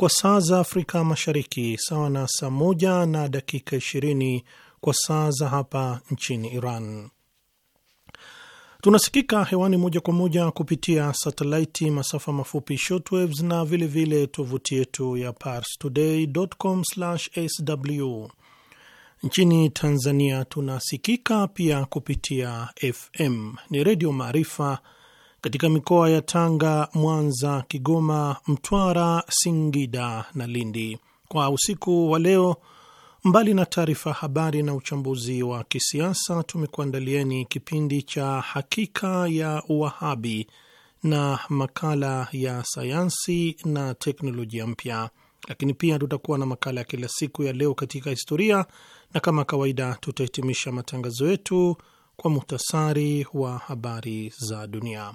kwa saa za Afrika Mashariki, sawa na saa moja na dakika 20 kwa saa za hapa nchini Iran. Tunasikika hewani moja kwa moja kupitia satelaiti, masafa mafupi shortwaves, na vilevile tovuti yetu ya parstoday.com/sw. Nchini Tanzania tunasikika pia kupitia FM ni Redio Maarifa katika mikoa ya Tanga, Mwanza, Kigoma, Mtwara, Singida na Lindi. Kwa usiku wa leo, mbali na taarifa habari na uchambuzi wa kisiasa, tumekuandalieni kipindi cha Hakika ya Uwahabi na makala ya sayansi na teknolojia mpya, lakini pia tutakuwa na makala ya kila siku ya Leo katika Historia, na kama kawaida tutahitimisha matangazo yetu kwa muhtasari wa habari za dunia.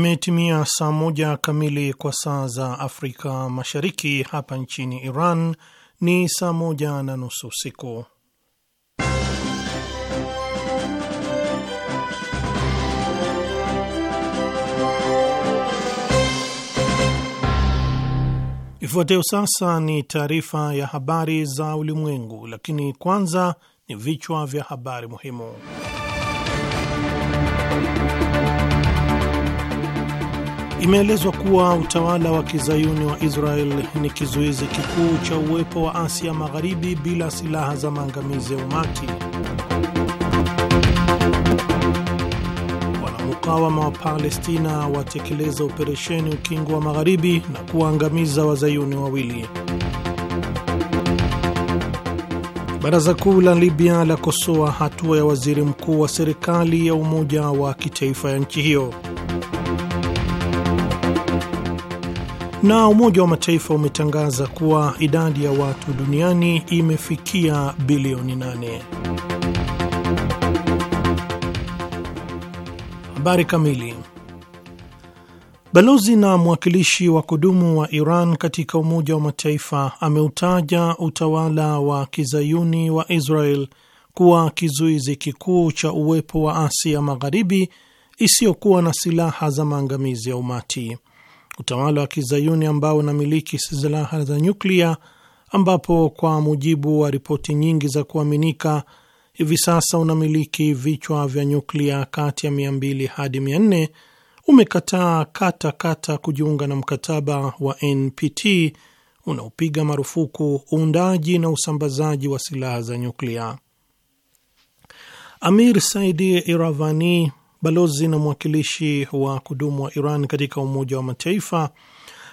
Imetimia saa moja kamili kwa saa za Afrika Mashariki. Hapa nchini Iran ni saa moja na nusu usiku. Ifuatayo sasa ni taarifa ya habari za ulimwengu, lakini kwanza ni vichwa vya habari muhimu. Imeelezwa kuwa utawala wa kizayuni wa Israel ni kizuizi kikuu cha uwepo wa Asia Magharibi bila silaha za maangamizi ya umati. Wanamukawama wa Palestina watekeleza operesheni Ukingo wa Magharibi na kuwaangamiza wazayuni wawili. Baraza Kuu la Libya lakosoa hatua ya waziri mkuu wa serikali ya umoja wa kitaifa ya nchi hiyo. Na Umoja wa Mataifa umetangaza kuwa idadi ya watu duniani imefikia bilioni 8. Habari kamili. Balozi na mwakilishi wa kudumu wa Iran katika Umoja wa Mataifa ameutaja utawala wa kizayuni wa Israel kuwa kizuizi kikuu cha uwepo wa Asia Magharibi isiyokuwa na silaha za maangamizi ya umati utawala wa kizayuni ambao unamiliki silaha za nyuklia, ambapo kwa mujibu wa ripoti nyingi za kuaminika hivi sasa unamiliki vichwa vya nyuklia kati ya 200 hadi 400, umekataa kata kata kujiunga na mkataba wa NPT unaopiga marufuku uundaji na usambazaji wa silaha za nyuklia. Amir Saidi Iravani, balozi na mwakilishi wa kudumu wa Iran katika Umoja wa Mataifa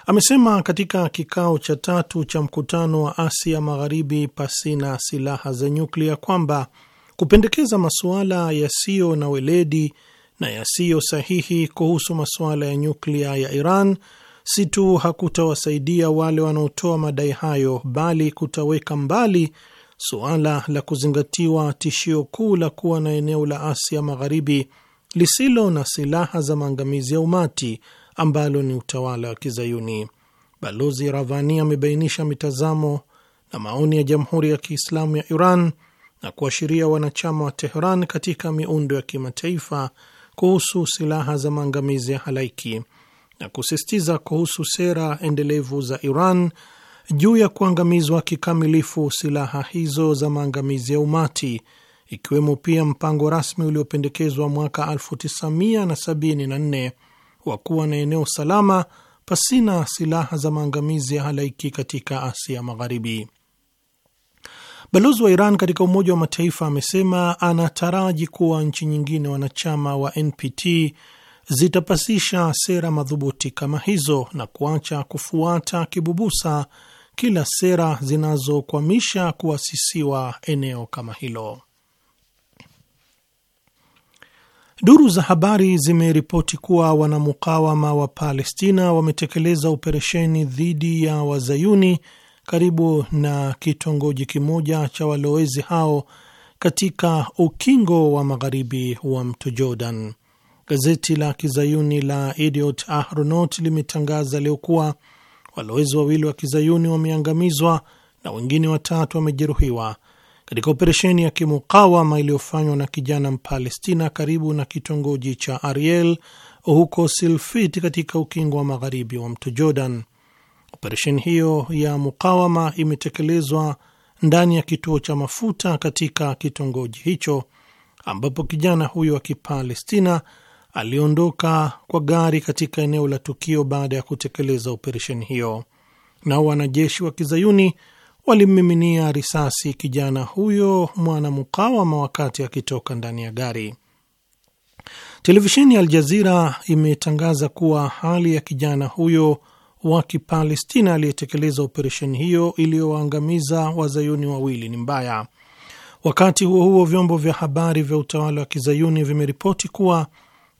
amesema katika kikao cha tatu cha mkutano wa Asia Magharibi pasina silaha za nyuklia kwamba kupendekeza masuala yasiyo na weledi na yasiyo sahihi kuhusu masuala ya nyuklia ya Iran si tu hakutawasaidia wale wanaotoa madai hayo, bali kutaweka mbali suala la kuzingatiwa tishio kuu la kuwa na eneo la Asia Magharibi lisilo na silaha za maangamizi ya umati ambalo ni utawala wa Kizayuni. Balozi Ravani amebainisha mitazamo na maoni ya Jamhuri ya Kiislamu ya Iran na kuashiria wanachama wa Tehran katika miundo ya kimataifa kuhusu silaha za maangamizi ya halaiki na kusisitiza kuhusu sera endelevu za Iran juu ya kuangamizwa kikamilifu silaha hizo za maangamizi ya umati ikiwemo pia mpango rasmi uliopendekezwa mwaka 1974 wa kuwa na eneo salama pasina silaha za maangamizi ya halaiki katika Asia Magharibi. Balozi wa Iran katika Umoja wa Mataifa amesema anataraji kuwa nchi nyingine wanachama wa NPT zitapasisha sera madhubuti kama hizo na kuacha kufuata kibubusa kila sera zinazokwamisha kuasisiwa eneo kama hilo. Duru za habari zimeripoti kuwa wanamukawama wa Palestina wametekeleza operesheni dhidi ya wazayuni karibu na kitongoji kimoja cha walowezi hao katika ukingo wa magharibi wa mto Jordan. Gazeti la kizayuni la Idiot Ahronot limetangaza leo kuwa walowezi wawili wa kizayuni wameangamizwa na wengine watatu wamejeruhiwa katika operesheni ya kimukawama iliyofanywa na kijana Mpalestina karibu na kitongoji cha Ariel huko Silfit katika ukingo wa magharibi wa mto Jordan. Operesheni hiyo ya mukawama imetekelezwa ndani ya kituo cha mafuta katika kitongoji hicho ambapo kijana huyo wa Kipalestina aliondoka kwa gari katika eneo la tukio baada ya kutekeleza operesheni hiyo. Nao wanajeshi wa kizayuni walimmiminia risasi kijana huyo mwanamukawama wakati akitoka ndani ya gari. Televisheni ya Aljazira imetangaza kuwa hali ya kijana huyo wa Kipalestina aliyetekeleza operesheni hiyo iliyowaangamiza wazayuni wawili ni mbaya. Wakati huo huo, vyombo vya habari vya utawala wa kizayuni vimeripoti kuwa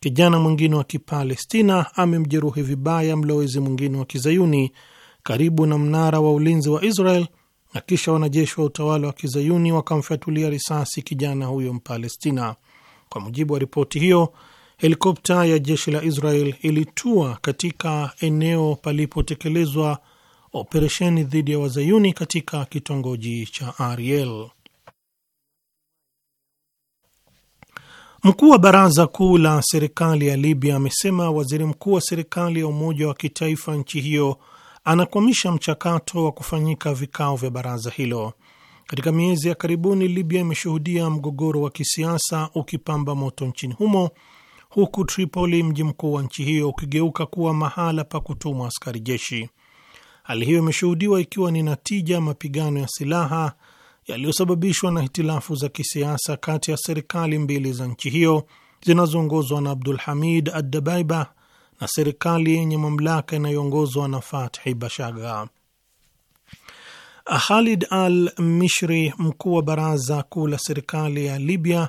kijana mwingine wa Kipalestina amemjeruhi vibaya mlowezi mwingine wa kizayuni karibu na mnara wa ulinzi wa Israel na kisha wanajeshi wa utawala wa kizayuni wakamfyatulia risasi kijana huyo Mpalestina. Kwa mujibu wa ripoti hiyo, helikopta ya jeshi la Israel ilitua katika eneo palipotekelezwa operesheni dhidi ya wazayuni katika kitongoji cha Ariel. Mkuu wa baraza kuu la serikali ya Libya amesema waziri mkuu wa serikali ya umoja wa kitaifa nchi hiyo anakwamisha mchakato wa kufanyika vikao vya baraza hilo. Katika miezi ya karibuni, Libya imeshuhudia mgogoro wa kisiasa ukipamba moto nchini humo, huku Tripoli, mji mkuu wa nchi hiyo, ukigeuka kuwa mahala pa kutumwa askari jeshi. Hali hiyo imeshuhudiwa ikiwa ni natija mapigano ya silaha yaliyosababishwa na hitilafu za kisiasa kati ya serikali mbili za nchi hiyo zinazoongozwa na Abdul Hamid adabaiba na serikali yenye mamlaka inayoongozwa na Fathi Bashagha. Khalid al Mishri, mkuu wa baraza kuu la serikali ya Libya,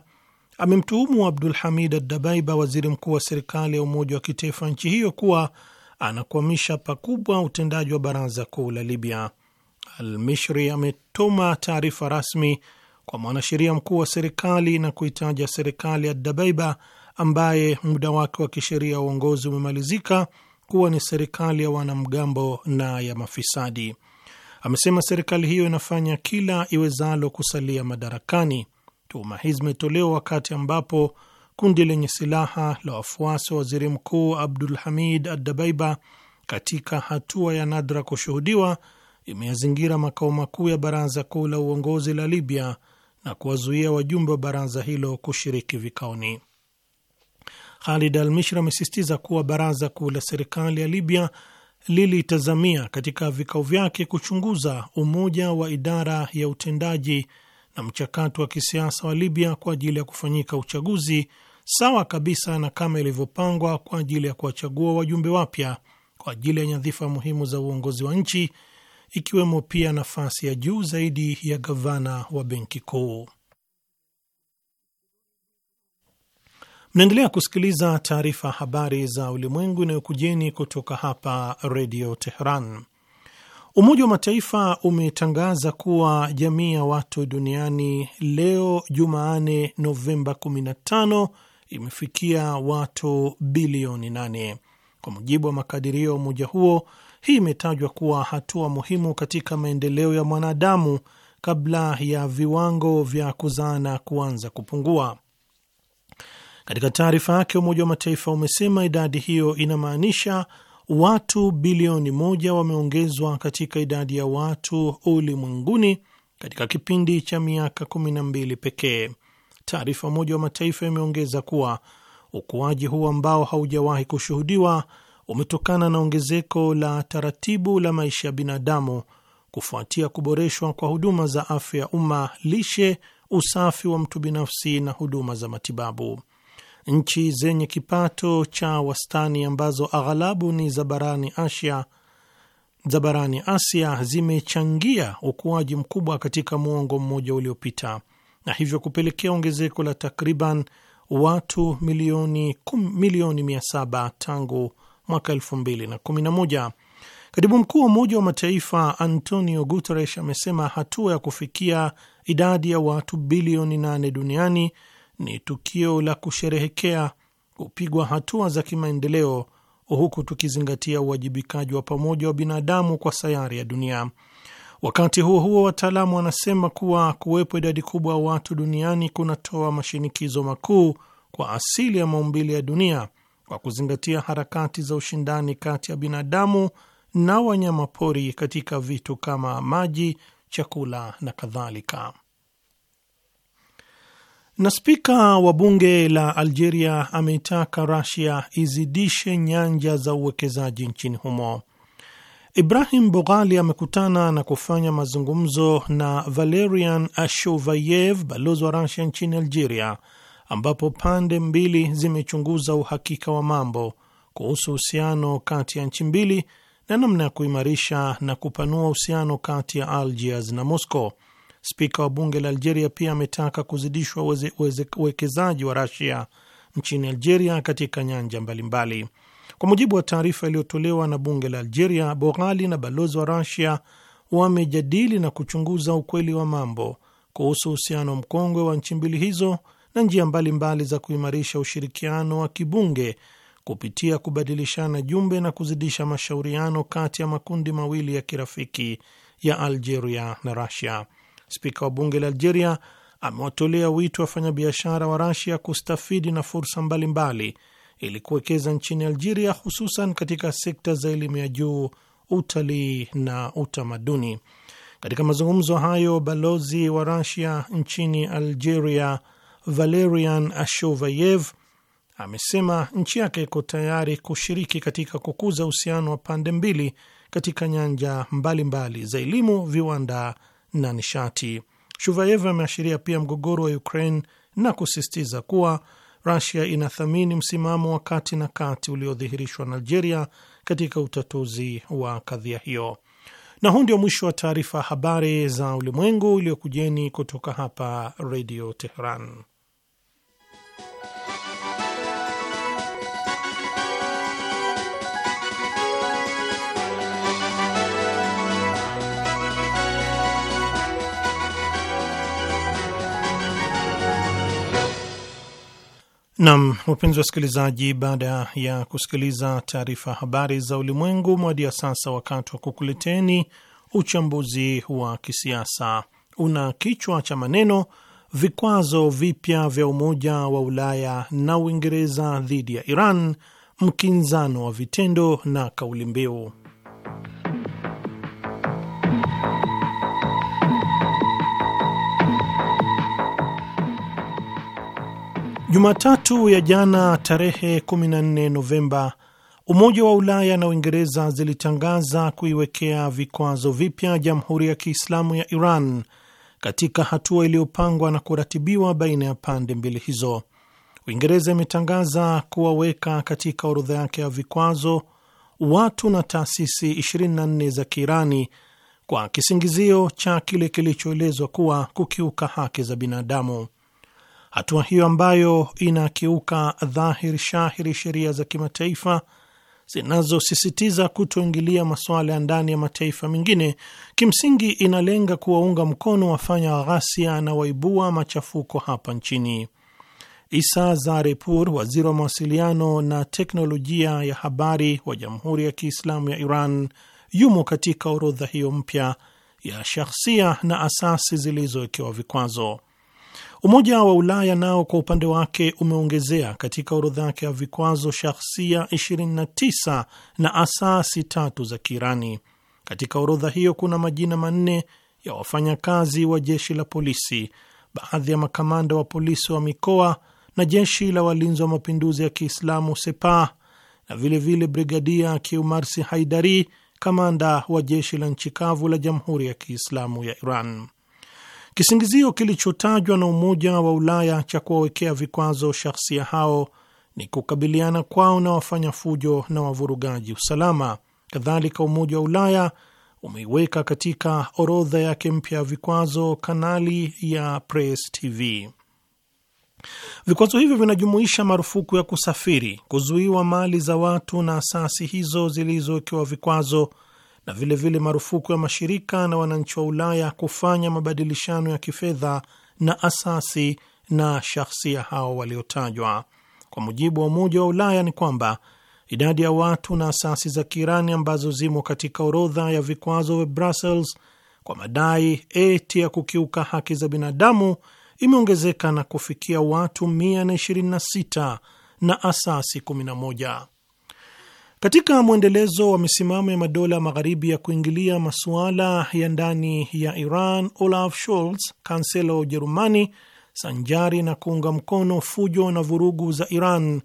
amemtuhumu Abdul Hamid adabaiba waziri mkuu wa serikali ya umoja wa kitaifa nchi hiyo, kuwa anakwamisha pakubwa utendaji wa baraza kuu la Libya. Al-Mishri ametuma taarifa rasmi kwa mwanasheria mkuu wa serikali na kuitaja serikali ya Dabaiba ambaye muda wake wa kisheria uongozi umemalizika kuwa ni serikali ya wanamgambo na ya mafisadi. Amesema serikali hiyo inafanya kila iwezalo kusalia madarakani. Tuhuma hizi zimetolewa wakati ambapo kundi lenye silaha la wafuasi wa waziri mkuu Abdul Hamid adabaiba katika hatua ya nadra kushuhudiwa, imeyazingira makao makuu ya baraza kuu la uongozi la Libya na kuwazuia wajumbe wa baraza hilo kushiriki vikaoni. Khalid al Mishr amesisitiza kuwa baraza kuu la serikali ya Libya lilitazamia katika vikao vyake kuchunguza umoja wa idara ya utendaji na mchakato wa kisiasa wa Libya kwa ajili ya kufanyika uchaguzi sawa kabisa na kama ilivyopangwa kwa ajili ya kuwachagua wajumbe wapya kwa ajili ya nyadhifa muhimu za uongozi wa nchi ikiwemo pia nafasi ya juu zaidi ya gavana wa benki kuu. Mnaendelea kusikiliza taarifa ya habari za ulimwengu inayokujeni kutoka hapa redio Teheran. Umoja wa Mataifa umetangaza kuwa jamii ya watu duniani leo Jumanne, Novemba 15 imefikia watu bilioni 8 kwa mujibu wa makadirio ya umoja huo. Hii imetajwa kuwa hatua muhimu katika maendeleo ya mwanadamu kabla ya viwango vya kuzaana kuanza kupungua. Katika taarifa yake, Umoja wa Mataifa umesema idadi hiyo inamaanisha watu bilioni moja wameongezwa katika idadi ya watu ulimwenguni katika kipindi cha miaka 12 pekee. Taarifa ya Umoja wa Mataifa imeongeza kuwa ukuaji huu ambao haujawahi kushuhudiwa umetokana na ongezeko la taratibu la maisha ya binadamu kufuatia kuboreshwa kwa huduma za afya ya umma, lishe, usafi wa mtu binafsi na huduma za matibabu. Nchi zenye kipato cha wastani ambazo aghalabu ni za barani Asia za barani Asia zimechangia ukuaji mkubwa katika mwongo mmoja uliopita na hivyo kupelekea ongezeko la takriban watu milioni kum, milioni mia saba tangu mwaka elfu mbili na kumi na moja. Katibu mkuu wa Umoja wa Mataifa Antonio Guterres amesema hatua ya kufikia idadi ya watu bilioni nane duniani ni tukio la kusherehekea kupigwa hatua za kimaendeleo, huku tukizingatia uwajibikaji wa pamoja wa binadamu kwa sayari ya dunia. Wakati huo huo, wataalamu wanasema kuwa kuwepo idadi kubwa ya watu duniani kunatoa mashinikizo makuu kwa asili ya maumbile ya dunia kwa kuzingatia harakati za ushindani kati ya binadamu na wanyamapori katika vitu kama maji, chakula na kadhalika. Na spika wa bunge la Algeria ameitaka rasia izidishe nyanja za uwekezaji nchini humo. Ibrahim Boghali amekutana na kufanya mazungumzo na Valerian Ashovayev, balozi wa rasia nchini Algeria, ambapo pande mbili zimechunguza uhakika wa mambo kuhusu uhusiano kati ya nchi mbili na namna ya kuimarisha na kupanua uhusiano kati ya Algiers na Moscow. Spika wa bunge la Algeria pia ametaka kuzidishwa uwekezaji wa Rasia nchini Algeria katika nyanja mbalimbali. Kwa mujibu wa taarifa iliyotolewa na bunge la Algeria, Boghali na balozi wa Rasia wamejadili na kuchunguza ukweli wa mambo kuhusu uhusiano mkongwe wa nchi mbili hizo na njia mbalimbali za kuimarisha ushirikiano wa kibunge kupitia kubadilishana jumbe na kuzidisha mashauriano kati ya makundi mawili ya kirafiki ya Algeria na Rasia. Spika wa bunge la Algeria amewatolea wito wafanyabiashara wa Rasia kustafidi na fursa mbalimbali ili kuwekeza nchini Algeria, hususan katika sekta za elimu ya juu, utalii na utamaduni. Katika mazungumzo hayo, balozi wa Rasia nchini Algeria Valerian Ashovayev amesema nchi yake iko tayari kushiriki katika kukuza uhusiano wa pande mbili katika nyanja mbalimbali mbali za elimu, viwanda na nishati. shuvayev ameashiria pia mgogoro wa Ukraine na kusisitiza kuwa Rusia inathamini msimamo wa kati na kati uliodhihirishwa na Algeria katika utatuzi wa kadhia hiyo. Na huu ndio mwisho wa taarifa habari za ulimwengu iliyokujeni kutoka hapa Redio Teheran. Nam, wapenzi wasikilizaji, baada ya kusikiliza taarifa habari za ulimwengu, mwadi ya sasa wakati wa kukuleteni uchambuzi wa kisiasa una kichwa cha maneno vikwazo vipya vya Umoja wa Ulaya na Uingereza dhidi ya Iran, mkinzano wa vitendo na kauli mbiu. Jumatatu ya jana tarehe 14 Novemba, Umoja wa Ulaya na Uingereza zilitangaza kuiwekea vikwazo vipya Jamhuri ya Kiislamu ya Iran katika hatua iliyopangwa na kuratibiwa baina ya pande mbili hizo. Uingereza imetangaza kuwaweka katika orodha yake ya vikwazo watu na taasisi 24 za Kiirani kwa kisingizio cha kile kilichoelezwa kuwa kukiuka haki za binadamu. Hatua hiyo ambayo inakiuka dhahir shahiri sheria za kimataifa zinazosisitiza kutoingilia masuala ya ndani ya mataifa mengine, kimsingi inalenga kuwaunga mkono wafanya ghasia na waibua machafuko hapa nchini. Isa Zarepur, waziri wa mawasiliano na teknolojia ya habari wa Jamhuri ya Kiislamu ya Iran, yumo katika orodha hiyo mpya ya shahsia na asasi zilizowekewa vikwazo. Umoja wa Ulaya nao kwa upande wake umeongezea katika orodha yake ya vikwazo shahsia 29 na asasi tatu za Kiirani. Katika orodha hiyo kuna majina manne ya wafanyakazi wa jeshi la polisi, baadhi ya makamanda wa polisi wa mikoa na jeshi la walinzi wa mapinduzi ya Kiislamu Sepah, na vilevile Brigadia Kiumarsi Haidari, kamanda wa jeshi la nchi kavu la Jamhuri ya Kiislamu ya Iran. Kisingizio kilichotajwa na Umoja wa Ulaya cha kuwawekea vikwazo shahsia hao ni kukabiliana kwao na wafanya fujo na wavurugaji usalama. Kadhalika, Umoja wa Ulaya umeiweka katika orodha yake mpya ya vikwazo kanali ya Press TV. Vikwazo hivyo vinajumuisha marufuku ya kusafiri, kuzuiwa mali za watu na asasi hizo zilizowekewa vikwazo na vilevile vile marufuku ya mashirika na wananchi wa Ulaya kufanya mabadilishano ya kifedha na asasi na shahsia hao waliotajwa. Kwa mujibu wa Umoja wa Ulaya ni kwamba idadi ya watu na asasi za Kiirani ambazo zimo katika orodha ya vikwazo vya Brussels kwa madai eti ya kukiuka haki za binadamu imeongezeka na kufikia watu 126 na asasi 11. Katika mwendelezo wa misimamo ya madola magharibi ya kuingilia masuala ya ndani ya Iran, Olaf Scholz, kansela wa Ujerumani, sanjari na kuunga mkono fujo na vurugu za Iran,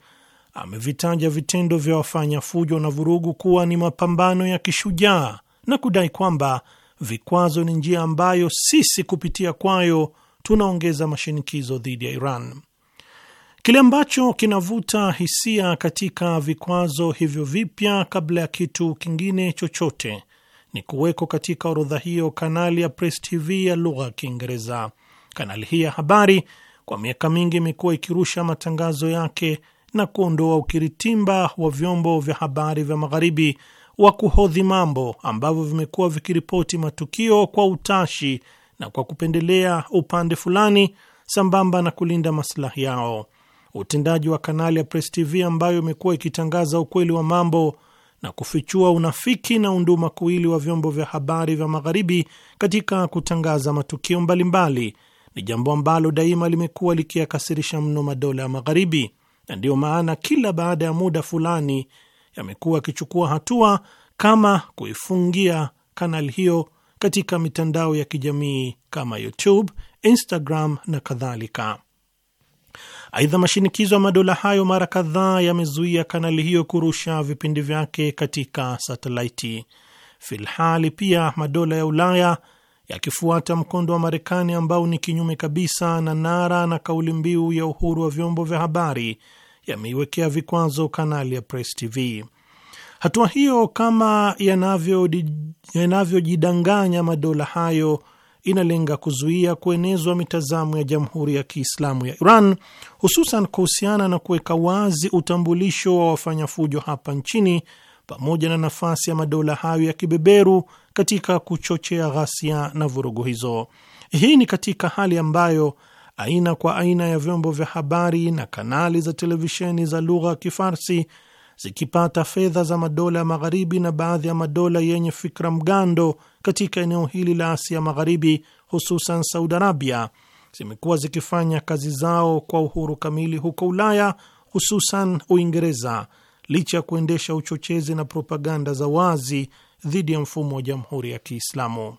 amevitaja vitendo vya wafanya fujo na vurugu kuwa ni mapambano ya kishujaa na kudai kwamba vikwazo ni njia ambayo sisi kupitia kwayo tunaongeza mashinikizo dhidi ya Iran. Kile ambacho kinavuta hisia katika vikwazo hivyo vipya, kabla ya kitu kingine chochote, ni kuweko katika orodha hiyo kanali ya Press TV ya lugha ya Kiingereza. Kanali hii ya habari kwa miaka mingi imekuwa ikirusha matangazo yake na kuondoa ukiritimba wa vyombo vya habari vya magharibi wa kuhodhi mambo ambavyo vimekuwa vikiripoti matukio kwa utashi na kwa kupendelea upande fulani, sambamba na kulinda maslahi yao utendaji wa kanali ya Press TV ambayo imekuwa ikitangaza ukweli wa mambo na kufichua unafiki na unduma kuili wa vyombo vya habari vya Magharibi katika kutangaza matukio mbalimbali ni jambo ambalo daima limekuwa likiyakasirisha mno madola ya Magharibi, na ndiyo maana kila baada ya muda fulani yamekuwa yakichukua hatua kama kuifungia kanali hiyo katika mitandao ya kijamii kama YouTube, Instagram na kadhalika. Aidha, mashinikizo ya madola hayo mara kadhaa yamezuia kanali hiyo kurusha vipindi vyake katika satelaiti. Filhali pia madola ya Ulaya yakifuata mkondo wa Marekani ambao ni kinyume kabisa na nara na kauli mbiu ya uhuru wa vyombo vya habari yameiwekea vikwazo kanali ya Press TV. Hatua hiyo, kama yanavyojidanganya madola hayo inalenga kuzuia kuenezwa mitazamo ya Jamhuri ya Kiislamu ya Iran, hususan kuhusiana na kuweka wazi utambulisho wa wafanya fujo hapa nchini pamoja na nafasi ya madola hayo ya kibeberu katika kuchochea ghasia na vurugu hizo. Hii ni katika hali ambayo aina kwa aina ya vyombo vya habari na kanali za televisheni za lugha ya Kifarsi zikipata fedha za madola ya magharibi na baadhi ya madola yenye fikra mgando katika eneo hili la Asia Magharibi, hususan Saudi Arabia, zimekuwa zikifanya kazi zao kwa uhuru kamili huko Ulaya, hususan Uingereza, licha ya kuendesha uchochezi na propaganda za wazi dhidi ya mfumo wa Jamhuri ya Kiislamu.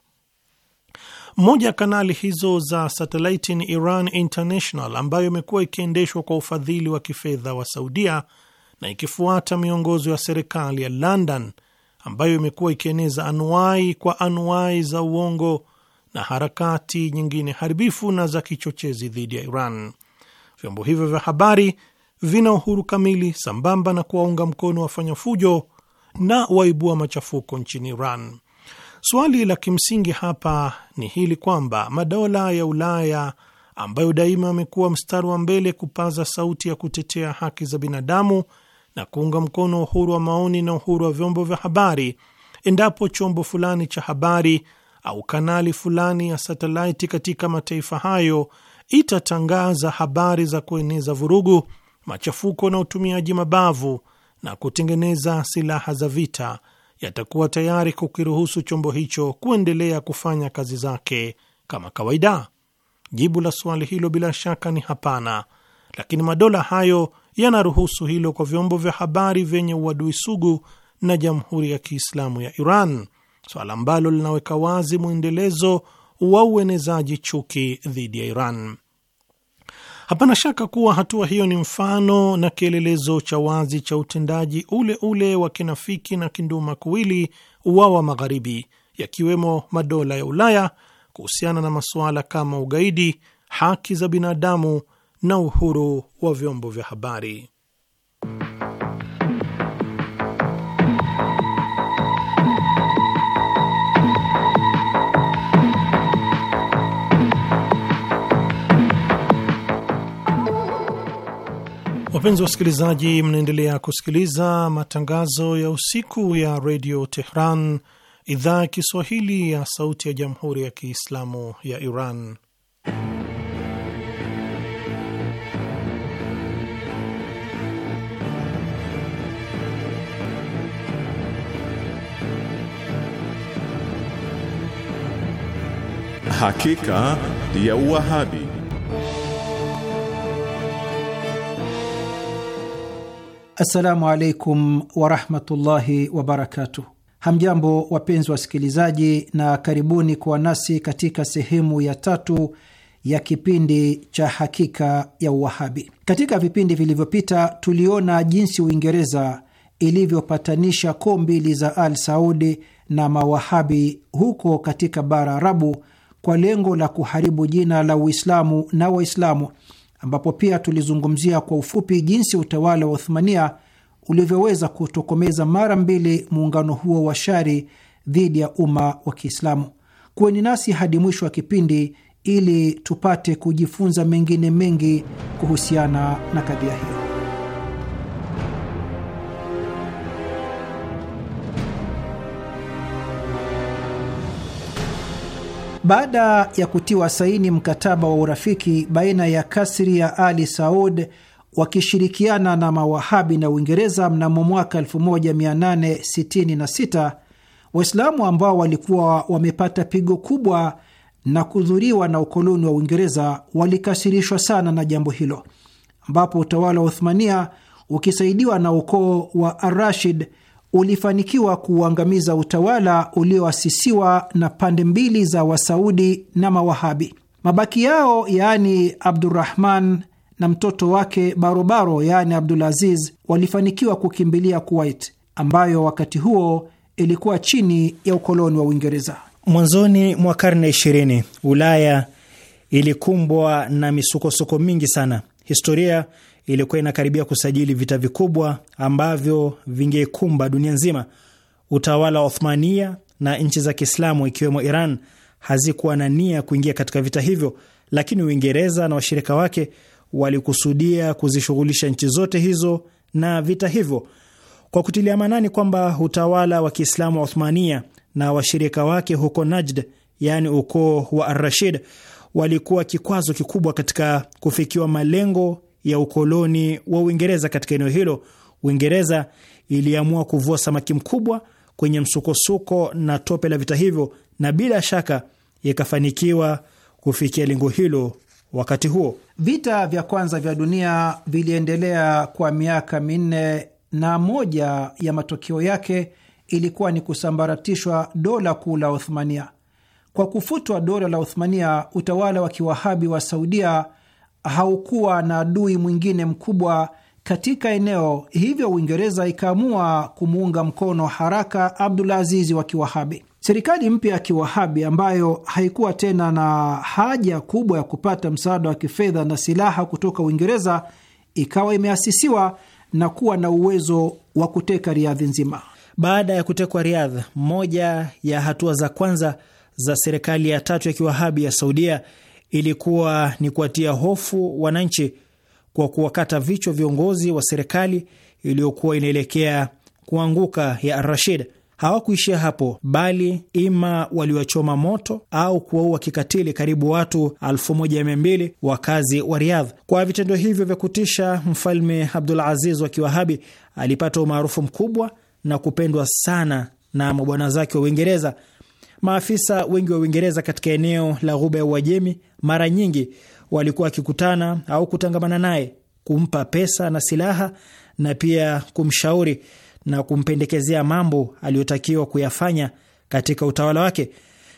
Moja ya kanali hizo za satelaiti ni Iran International ambayo imekuwa ikiendeshwa kwa ufadhili wa kifedha wa Saudia na ikifuata miongozo ya serikali ya London ambayo imekuwa ikieneza anuai kwa anuai za uongo na harakati nyingine haribifu na za kichochezi dhidi ya Iran. Vyombo hivyo vya habari vina uhuru kamili sambamba na kuwaunga mkono wafanya fujo na waibua machafuko nchini Iran. Swali la kimsingi hapa ni hili kwamba madola ya Ulaya ambayo daima amekuwa mstari wa mbele kupaza sauti ya kutetea haki za binadamu na kuunga mkono uhuru wa maoni na uhuru wa vyombo vya habari, endapo chombo fulani cha habari au kanali fulani ya satelaiti katika mataifa hayo itatangaza habari za kueneza vurugu, machafuko na utumiaji mabavu na kutengeneza silaha za vita, yatakuwa tayari kukiruhusu chombo hicho kuendelea kufanya kazi zake kama kawaida? Jibu la swali hilo bila shaka ni hapana, lakini madola hayo yanaruhusu hilo kwa vyombo vya habari vyenye uadui sugu na Jamhuri ya Kiislamu ya Iran, swala ambalo linaweka wazi mwendelezo wa uenezaji chuki dhidi ya Iran. Hapana shaka kuwa hatua hiyo ni mfano na kielelezo cha wazi cha utendaji ule ule wa kinafiki na kinduma kuwili wa wa Magharibi, yakiwemo madola ya Ulaya kuhusiana na masuala kama ugaidi, haki za binadamu na uhuru wa vyombo vya habari. Wapenzi wa wasikilizaji, mnaendelea kusikiliza matangazo ya usiku ya redio Tehran, idhaa ya Kiswahili ya sauti ya jamhuri ya Kiislamu ya Iran. hakika ya Wahabi. Assalamu alaikum warahmatullahi wabarakatuh. Hamjambo wapenzi wasikilizaji, na karibuni kuwa nasi katika sehemu ya tatu ya kipindi cha Hakika ya Uwahabi. Katika vipindi vilivyopita, tuliona jinsi Uingereza ilivyopatanisha koo mbili za Al Saudi na Mawahabi huko katika bara Arabu kwa lengo la kuharibu jina la Uislamu na Waislamu, ambapo pia tulizungumzia kwa ufupi jinsi utawala wa Uthmania ulivyoweza kutokomeza mara mbili muungano huo wa shari dhidi ya umma wa Kiislamu. Kuweni nasi hadi mwisho wa kipindi ili tupate kujifunza mengine mengi kuhusiana na kadhia hiyo. Baada ya kutiwa saini mkataba wa urafiki baina ya kasri ya Ali Saud wakishirikiana na Mawahabi na Uingereza mnamo mwaka 1866 Waislamu ambao walikuwa wamepata pigo kubwa na kudhuriwa na ukoloni wa Uingereza walikasirishwa sana na jambo hilo, ambapo utawala wa Uthmania ukisaidiwa na ukoo wa Arashid ulifanikiwa kuuangamiza utawala ulioasisiwa na pande mbili za Wasaudi na Mawahabi. Mabaki yao yaani Abdurrahman na mtoto wake Barobaro yaani Abdulaziz walifanikiwa kukimbilia Kuwait ambayo wakati huo ilikuwa chini ya ukoloni wa Uingereza. Mwanzoni mwa karne 20 Ulaya ilikumbwa na misukosuko mingi sana. Historia ilikuwa inakaribia kusajili vita vikubwa ambavyo vingekumba dunia nzima. Utawala wa Othmania na nchi za Kiislamu ikiwemo Iran hazikuwa na nia kuingia katika vita hivyo, lakini Uingereza na washirika wake walikusudia kuzishughulisha nchi zote hizo na vita hivyo, kwa kutilia maanani kwamba utawala wa Kiislamu wa Othmania na washirika wake huko Najd, yaani ukoo wa Arrashid, walikuwa kikwazo kikubwa katika kufikiwa malengo ya ukoloni wa Uingereza katika eneo hilo, Uingereza iliamua kuvua samaki mkubwa kwenye msukosuko na tope la vita hivyo, na bila shaka ikafanikiwa kufikia lengo hilo. Wakati huo vita vya kwanza vya dunia viliendelea kwa miaka minne na moja ya matokeo yake ilikuwa ni kusambaratishwa dola kuu la Uthmania. Kwa kufutwa dola la Uthmania, utawala wa kiwahabi wa Saudia haukuwa na adui mwingine mkubwa katika eneo hivyo, Uingereza ikaamua kumuunga mkono haraka Abdulazizi wa Kiwahabi. Serikali mpya ya Kiwahabi ambayo haikuwa tena na haja kubwa ya kupata msaada wa kifedha na silaha kutoka Uingereza ikawa imeasisiwa na kuwa na uwezo wa kuteka Riadhi nzima. Baada ya kutekwa riadha moja ya hatua za kwanza za serikali ya tatu ya Kiwahabi ya Saudia ilikuwa ni kuwatia hofu wananchi kwa kuwakata vichwa viongozi wa serikali iliyokuwa inaelekea kuanguka ya Rashid. Hawakuishia hapo, bali ima waliwachoma moto au kuwaua kikatili karibu watu 1200 wakazi wa Riadh. Kwa vitendo hivyo vya kutisha, mfalme Abdul Aziz wa Kiwahabi alipata umaarufu mkubwa na kupendwa sana na mabwana zake wa Uingereza Maafisa wengi wa Uingereza katika eneo la Ghuba ya Uajemi mara nyingi walikuwa wakikutana au kutangamana naye, kumpa pesa na silaha, na pia kumshauri na kumpendekezea mambo aliyotakiwa kuyafanya katika utawala wake.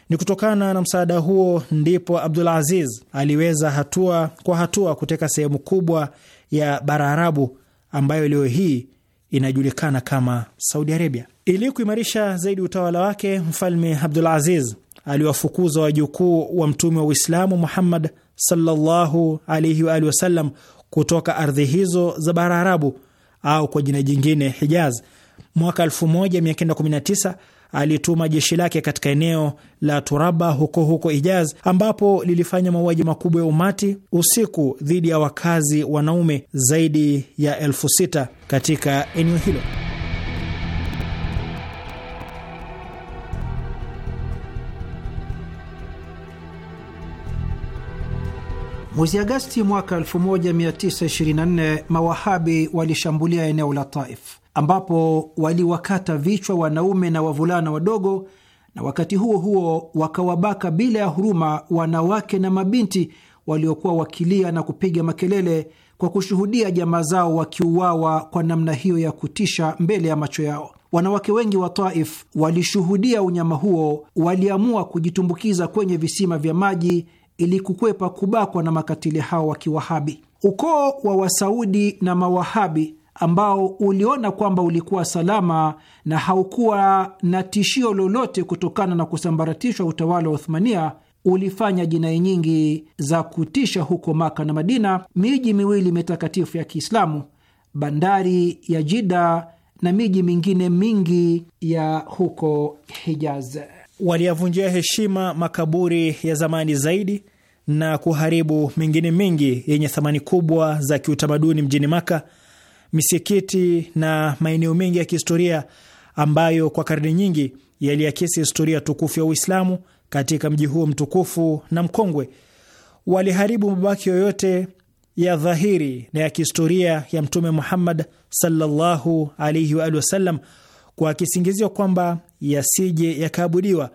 Ni kutokana na msaada huo ndipo Abdul Aziz aliweza hatua kwa hatua kuteka sehemu kubwa ya bara Arabu ambayo leo hii inayojulikana kama Saudi Arabia. Ili kuimarisha zaidi utawala wake, mfalme Abdul Aziz aliwafukuza wajukuu wa mtume wa Uislamu Muhammad sallallahu alaihi wa alihi wasallam kutoka ardhi hizo za bara Arabu au kwa jina jingine Hijaz. Mwaka 1919 alituma jeshi lake katika eneo la Turaba huko huko Ijaz, ambapo lilifanya mauaji makubwa ya umati usiku dhidi ya wakazi wanaume zaidi ya elfu sita katika eneo hilo. Mwezi Agasti mwaka 1924 Mawahabi walishambulia eneo la Taif ambapo waliwakata vichwa wanaume na wavulana wadogo, na wakati huo huo wakawabaka bila ya huruma wanawake na mabinti waliokuwa wakilia na kupiga makelele kwa kushuhudia jamaa zao wakiuawa kwa namna hiyo ya kutisha mbele ya macho yao. Wanawake wengi wa Taif walishuhudia unyama huo, waliamua kujitumbukiza kwenye visima vya maji ili kukwepa kubakwa na makatili hao wa Kiwahabi. Ukoo wa Wasaudi na Mawahabi ambao uliona kwamba ulikuwa salama na haukuwa na tishio lolote kutokana na kusambaratishwa utawala wa Uthmania, ulifanya jinai nyingi za kutisha huko Maka na Madina, miji miwili mitakatifu ya Kiislamu, bandari ya Jida na miji mingine mingi ya huko Hijaz. Waliyavunjia heshima makaburi ya zamani zaidi na kuharibu mingine mingi yenye thamani kubwa za kiutamaduni mjini Maka misikiti na maeneo mengi ya kihistoria ambayo kwa karne nyingi yaliakisi historia tukufu ya Uislamu katika mji huo mtukufu na mkongwe. Waliharibu mabaki yoyote ya dhahiri na ya kihistoria ya Mtume Muhammad sallallahu alaihi wa alihi wasallam kwa kisingizio kwamba yasije yakaabudiwa.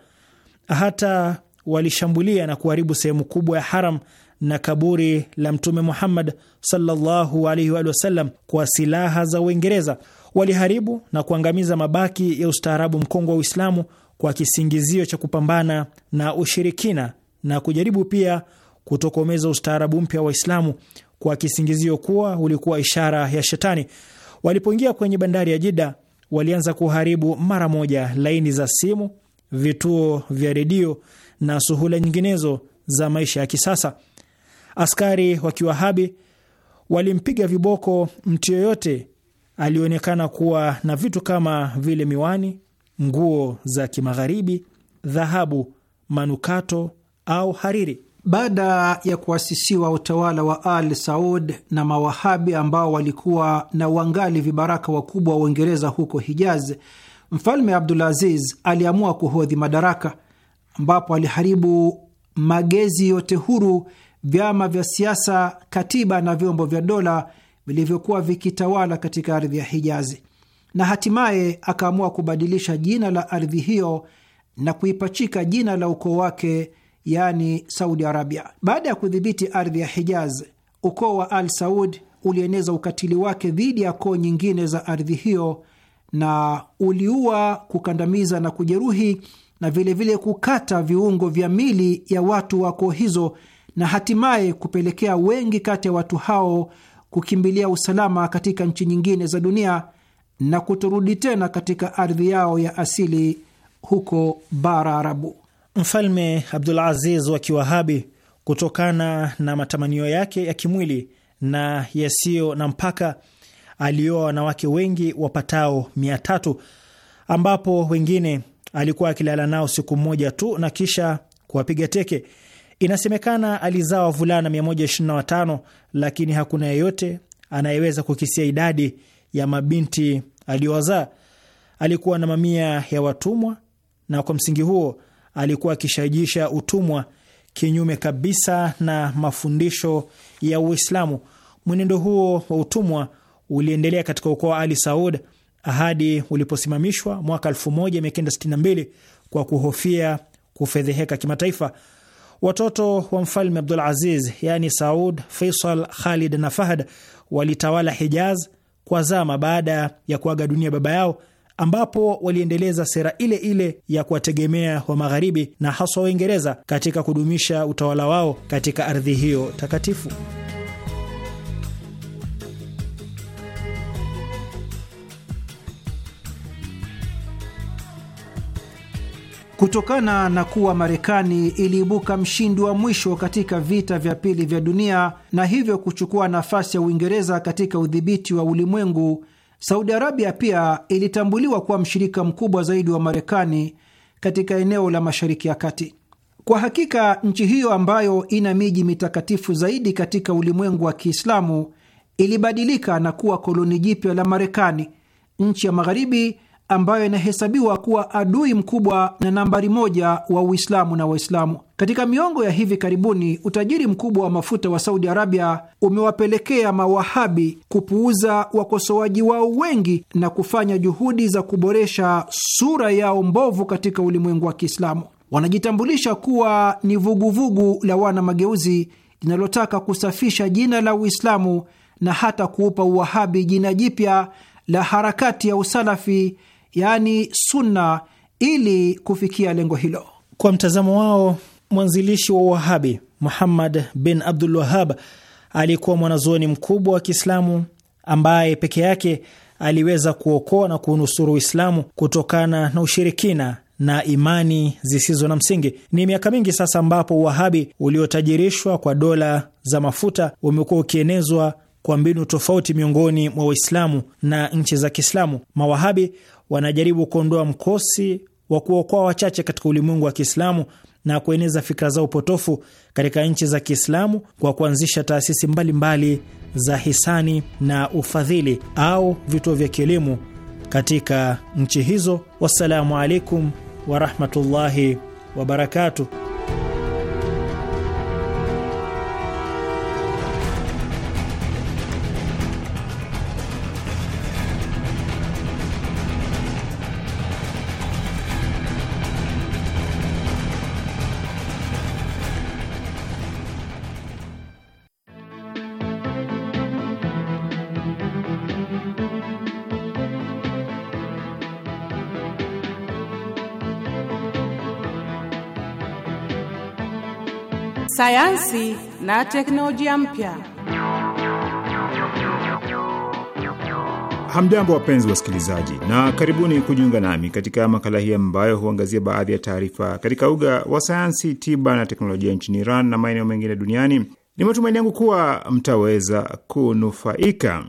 Hata walishambulia na kuharibu sehemu kubwa ya haram na kaburi la Mtume Muhammad sallallahu alaihi wa sallam kwa silaha za Uingereza. Waliharibu na kuangamiza mabaki ya ustaarabu mkongwe wa Uislamu kwa kisingizio cha kupambana na ushirikina na kujaribu pia kutokomeza ustaarabu mpya wa Waislamu kwa kisingizio kuwa ulikuwa ishara ya shetani. Walipoingia kwenye bandari ya Jida, walianza kuharibu mara moja laini za simu, vituo vya redio na suhula nyinginezo za maisha ya kisasa. Askari wa kiwahabi walimpiga viboko mtu yoyote alionekana kuwa na vitu kama vile miwani, nguo za kimagharibi, dhahabu, manukato au hariri. Baada ya kuasisiwa utawala wa Al Saud na Mawahabi ambao walikuwa na wangali vibaraka wakubwa wa Uingereza huko Hijaz, Mfalme Abdulaziz aliamua kuhodhi madaraka, ambapo aliharibu magezi yote huru vyama vya siasa, katiba na vyombo vya dola vilivyokuwa vikitawala katika ardhi ya Hijazi, na hatimaye akaamua kubadilisha jina la ardhi hiyo na kuipachika jina la ukoo wake, yaani Saudi Arabia. Baada ya kudhibiti ardhi ya Hijaz, ukoo wa Al Saud ulieneza ukatili wake dhidi ya koo nyingine za ardhi hiyo na uliua, kukandamiza na kujeruhi na vilevile vile kukata viungo vya mili ya watu wa koo hizo na hatimaye kupelekea wengi kati ya watu hao kukimbilia usalama katika nchi nyingine za dunia na kutorudi tena katika ardhi yao ya asili huko bara Arabu. Mfalme Abdul Aziz wa Kiwahabi, kutokana na matamanio yake ya kimwili na yasiyo na mpaka, alioa wanawake wengi wapatao mia tatu ambapo wengine alikuwa akilala nao siku moja tu na kisha kuwapiga teke. Inasemekana alizaa wavulana 125 lakini hakuna yeyote anayeweza kukisia idadi ya mabinti aliyowazaa. Alikuwa na mamia ya watumwa, na kwa msingi huo alikuwa akishajisha utumwa kinyume kabisa na mafundisho ya Uislamu. Mwenendo huo wa utumwa uliendelea katika ukoo wa Ali Saud hadi uliposimamishwa mwaka 1962 kwa kuhofia kufedheheka kimataifa. Watoto wa mfalme Abdul Aziz, yaani Saud, Faisal, Khalid na Fahad walitawala Hijaz kwa zama baada ya kuaga dunia baba yao, ambapo waliendeleza sera ile ile ya kuwategemea wa Magharibi na haswa Waingereza katika kudumisha utawala wao katika ardhi hiyo takatifu. Kutokana na kuwa Marekani iliibuka mshindi wa mwisho katika vita vya pili vya dunia na hivyo kuchukua nafasi ya Uingereza katika udhibiti wa ulimwengu, Saudi Arabia pia ilitambuliwa kuwa mshirika mkubwa zaidi wa Marekani katika eneo la Mashariki ya Kati. Kwa hakika nchi hiyo ambayo ina miji mitakatifu zaidi katika ulimwengu wa Kiislamu ilibadilika na kuwa koloni jipya la Marekani, nchi ya magharibi ambayo inahesabiwa kuwa adui mkubwa na nambari moja wa Uislamu na Waislamu. Katika miongo ya hivi karibuni, utajiri mkubwa wa mafuta wa Saudi Arabia umewapelekea mawahabi kupuuza wakosoaji wao wengi na kufanya juhudi za kuboresha sura yao mbovu katika ulimwengu wa Kiislamu. Wanajitambulisha kuwa ni vuguvugu vugu la wana mageuzi linalotaka kusafisha jina la Uislamu na hata kuupa uwahabi jina jipya la harakati ya usalafi yaani sunna, ili kufikia lengo hilo. Kwa mtazamo wao, mwanzilishi wa Wahabi Muhammad bin Abdul Wahab alikuwa mwanazuoni mkubwa wa Kiislamu ambaye peke yake aliweza kuokoa na kuunusuru Uislamu kutokana na ushirikina na imani zisizo na msingi. Ni miaka mingi sasa ambapo Uwahabi uliotajirishwa kwa dola za mafuta umekuwa ukienezwa kwa mbinu tofauti miongoni mwa Waislamu na nchi za Kiislamu. Mawahabi wanajaribu kuondoa mkosi wa kuokoa wachache katika ulimwengu wa Kiislamu na kueneza fikra zao potofu katika nchi za Kiislamu kwa kuanzisha taasisi mbalimbali mbali za hisani na ufadhili au vituo vya kielimu katika nchi hizo. Wassalamu alaikum warahmatullahi wabarakatuh. sayansi na teknolojia mpya. Hamjambo, wapenzi wasikilizaji, na karibuni kujiunga nami katika makala hii ambayo huangazia baadhi ya taarifa katika uga wa sayansi, tiba na teknolojia nchini Iran na maeneo mengine duniani. Ni matumaini yangu kuwa mtaweza kunufaika.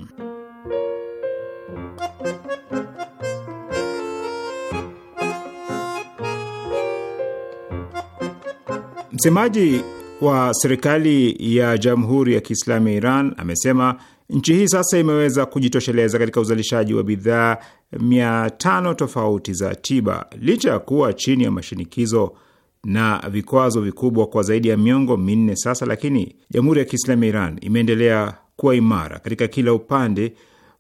Msemaji wa serikali ya Jamhuri ya Kiislamu ya Iran amesema nchi hii sasa imeweza kujitosheleza katika uzalishaji wa bidhaa mia tano tofauti za tiba licha ya kuwa chini ya mashinikizo na vikwazo vikubwa kwa zaidi ya miongo minne sasa, lakini Jamhuri ya Kiislamu ya Iran imeendelea kuwa imara katika kila upande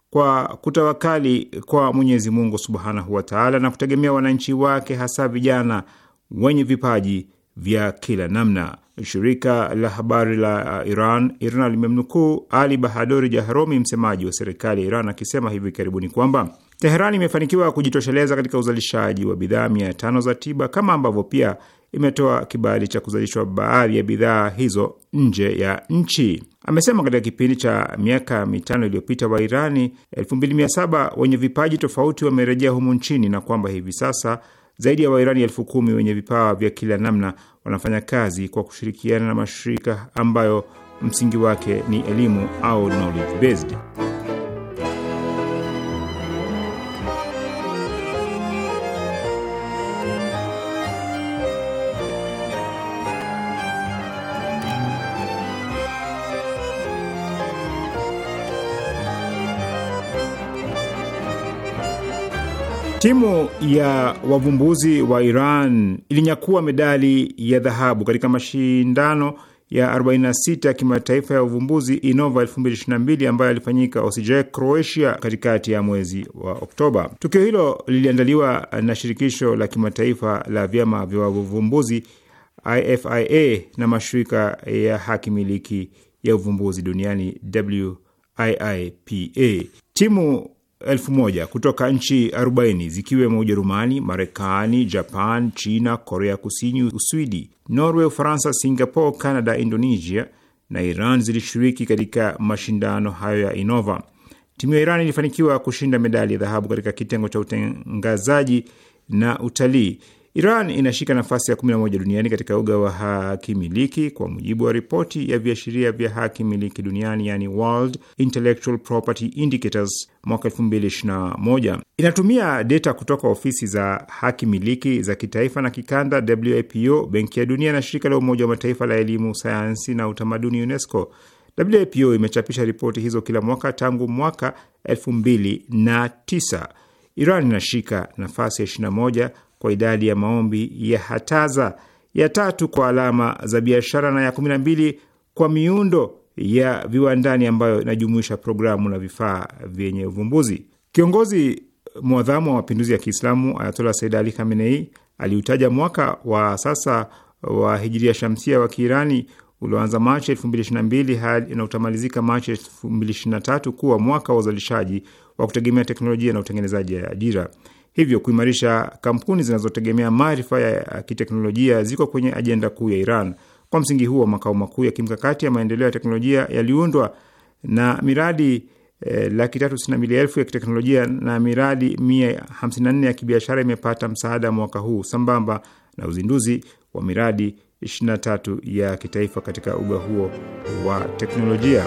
kwa kutawakali kwa Mwenyezi Mungu subhanahu wa taala na kutegemea wananchi wake, hasa vijana wenye vipaji vya kila namna shirika la habari la uh, Iran IRNA limemnukuu Ali Bahadori Jahromi, msemaji wa serikali ya Iran, akisema hivi karibuni kwamba Teheran imefanikiwa kujitosheleza katika uzalishaji wa bidhaa mia tano za tiba kama ambavyo pia imetoa kibali cha kuzalishwa baadhi ya bidhaa hizo nje ya nchi. Amesema katika kipindi cha miaka mitano iliyopita Wairani 2700 wenye vipaji tofauti wamerejea humu nchini na kwamba hivi sasa zaidi ya Wairani elfu kumi wenye vipawa vya kila namna wanafanya kazi kwa kushirikiana na mashirika ambayo msingi wake ni elimu au knowledge based. Timu ya wavumbuzi wa Iran ilinyakua medali ya dhahabu katika mashindano ya 46 ya kimataifa ya uvumbuzi Inova 2022 ambayo alifanyika Osijek, Croatia katikati ya mwezi wa Oktoba. Tukio hilo liliandaliwa na shirikisho la kimataifa la vyama vya wavumbuzi IFIA na mashirika ya haki miliki ya uvumbuzi duniani WIIPA. Timu elfu moja kutoka nchi 40 zikiwemo Ujerumani, Marekani, Japan, China, Korea Kusini, Uswidi, Norway, Ufaransa, Singapore, Canada, Indonesia na Iran zilishiriki katika mashindano hayo ya inova Timu ya Iran ilifanikiwa kushinda medali ya dhahabu katika kitengo cha utangazaji na utalii. Iran inashika nafasi ya 11 duniani katika uga wa hakimiliki kwa mujibu wa ripoti ya viashiria vya hakimiliki duniani, yani World Intellectual Property Indicators mwaka 2021. Inatumia data kutoka ofisi za hakimiliki za kitaifa na kikanda, WIPO, Benki ya Dunia na shirika la Umoja wa Mataifa la elimu, sayansi na utamaduni, UNESCO. WIPO imechapisha ripoti hizo kila mwaka tangu mwaka 2009. Iran inashika nafasi ya 21 kwa idadi ya maombi ya hataza, ya tatu kwa alama za biashara na ya kumi na mbili kwa miundo ya viwandani ambayo inajumuisha programu na vifaa vyenye uvumbuzi. Kiongozi mwadhamu wa mapinduzi ya Kiislamu Ayatola Said Ali Khamenei aliutaja mwaka wa sasa wa hijiria shamsia wa Kiirani ulioanza Machi mbili hadi na utamalizika Machi tatu kuwa mwaka wa uzalishaji wa kutegemea teknolojia na utengenezaji ajira. Hivyo kuimarisha kampuni zinazotegemea maarifa ya kiteknolojia ziko kwenye ajenda kuu ya Iran. Kwa msingi huo, makao makuu ya kimkakati ya maendeleo ya teknolojia yaliundwa na miradi eh, laki tatu sitini na mbili elfu ya kiteknolojia na miradi mia hamsini na nne ya kibiashara imepata msaada mwaka huu sambamba na uzinduzi wa miradi 23 ya kitaifa katika uga huo wa teknolojia.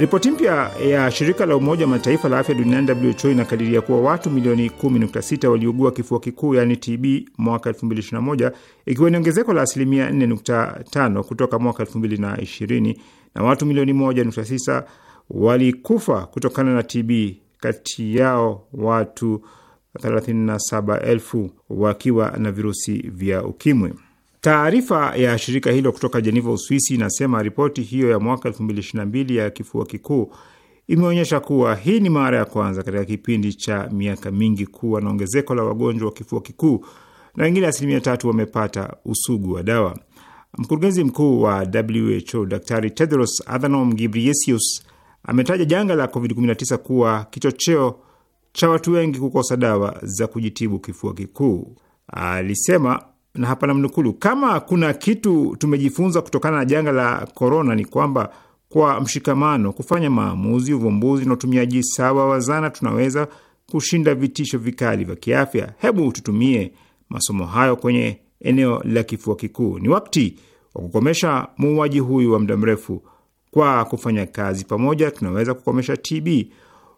Ripoti mpya ya shirika la Umoja wa Mataifa la afya duniani WHO inakadiria kuwa watu milioni 10.6 waliugua kifua kikuu yaani TB mwaka 2021 ikiwa ni ongezeko la asilimia 4.5 kutoka mwaka 2020 na watu milioni 1.6 walikufa kutokana na TB, kati yao watu 37,000 wakiwa na virusi vya ukimwi. Taarifa ya shirika hilo kutoka Jeneva, Uswisi, inasema ripoti hiyo ya mwaka 2022 ya kifua kikuu imeonyesha kuwa hii ni mara ya kwanza katika kipindi cha miaka mingi kuwa na ongezeko la wagonjwa wa kifua kikuu na wengine asilimia tatu wamepata usugu wa dawa. Mkurugenzi mkuu wa WHO Daktari Tedros Adhanom Ghebreyesus ametaja janga la COVID-19 kuwa kichocheo cha watu wengi kukosa dawa za kujitibu kifua kikuu. Alisema na hapa namnukulu, kama kuna kitu tumejifunza kutokana na janga la korona ni kwamba kwa mshikamano, kufanya maamuzi, uvumbuzi na utumiaji sawa wa zana, tunaweza kushinda vitisho vikali vya kiafya. Hebu tutumie masomo hayo kwenye eneo la kifua kikuu. Ni wakati wa kukomesha muuaji huyu wa muda mrefu. Kwa kufanya kazi pamoja, tunaweza kukomesha TB.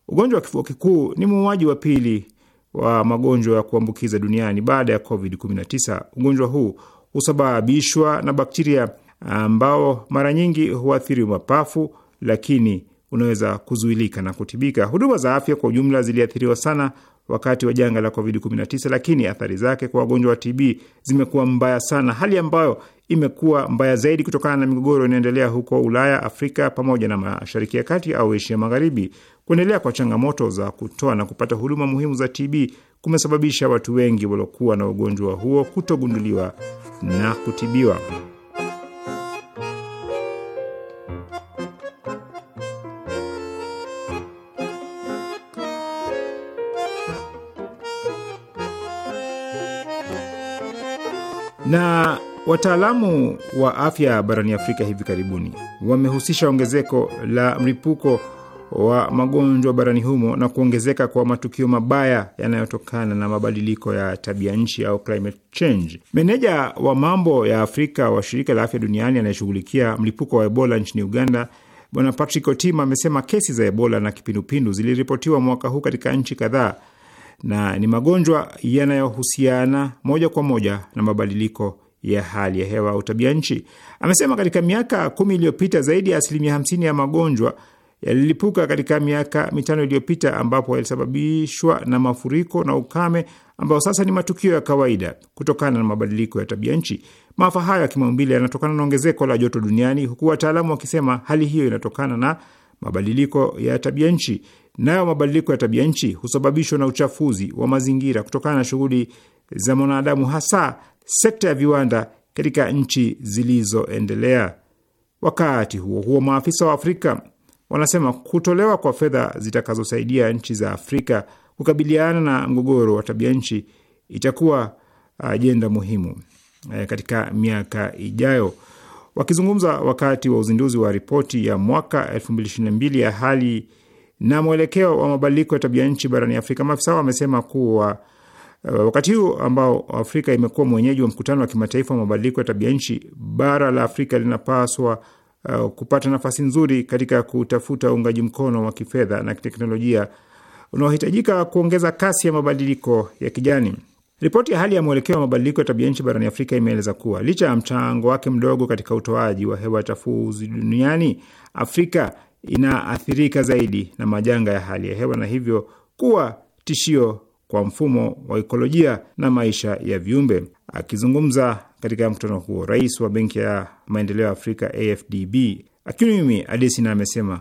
Ugonjwa wa kifua kikuu ni muuaji wa pili wa magonjwa ya kuambukiza duniani baada ya COVID-19. Ugonjwa huu husababishwa na bakteria ambao mara nyingi huathiri mapafu, lakini unaweza kuzuilika na kutibika. Huduma za afya kwa ujumla ziliathiriwa sana wakati wa janga la COVID-19, lakini athari zake kwa wagonjwa wa TB zimekuwa mbaya sana, hali ambayo imekuwa mbaya zaidi kutokana na migogoro inaendelea huko Ulaya, Afrika pamoja na Mashariki ya Kati au Asia Magharibi. Kuendelea kwa changamoto za kutoa na kupata huduma muhimu za TB kumesababisha watu wengi waliokuwa na ugonjwa huo kutogunduliwa na kutibiwa. na wataalamu wa afya barani Afrika hivi karibuni wamehusisha ongezeko la mlipuko wa magonjwa barani humo na kuongezeka kwa matukio mabaya yanayotokana na mabadiliko ya tabia nchi au climate change. Meneja wa mambo ya Afrika wa shirika la afya duniani anayeshughulikia mlipuko wa Ebola nchini Uganda Bwana Patrick Otima amesema kesi za Ebola na kipindupindu ziliripotiwa mwaka huu katika nchi kadhaa na ni magonjwa yanayohusiana moja kwa moja na mabadiliko ya hali ya hewa au tabia nchi. Amesema katika miaka kumi iliyopita zaidi ya asilimia hamsini ya magonjwa yalilipuka katika miaka mitano iliyopita ambapo yalisababishwa na mafuriko na ukame ambao sasa ni matukio ya kawaida kutokana na mabadiliko ya tabia nchi. Maafa hayo ya kimaumbile yanatokana na ongezeko la joto duniani, huku wataalamu wakisema hali hiyo inatokana na mabadiliko ya tabia nchi. Nayo mabadiliko ya tabia nchi husababishwa na uchafuzi wa mazingira kutokana na shughuli za mwanadamu, hasa sekta ya viwanda katika nchi zilizoendelea. Wakati huo huo, maafisa wa Afrika wanasema kutolewa kwa fedha zitakazosaidia nchi za Afrika kukabiliana na mgogoro wa tabia nchi itakuwa uh, ajenda muhimu e, katika miaka ijayo. Wakizungumza wakati wa uzinduzi wa ripoti ya mwaka 2022 ya hali na mwelekeo wa mabadiliko ya tabia nchi barani Afrika, maafisa wamesema kuwa uh, wakati huu ambao Afrika imekuwa mwenyeji wa mkutano wa kimataifa wa mabadiliko ya tabia nchi, bara la Afrika linapaswa uh, kupata nafasi nzuri katika kutafuta uungaji mkono wa kifedha na kiteknolojia unaohitajika kuongeza kasi ya mabadiliko ya kijani. Ripoti ya hali ya mwelekeo wa mabadiliko ya tabia nchi barani Afrika imeeleza kuwa licha ya mchango wake mdogo katika utoaji wa hewa chafuzi duniani, Afrika inaathirika zaidi na majanga ya hali ya hewa na hivyo kuwa tishio kwa mfumo wa ikolojia na maisha ya viumbe. Akizungumza katika mkutano huo, rais wa Benki ya Maendeleo ya Afrika AFDB Akinwumi Adesina amesema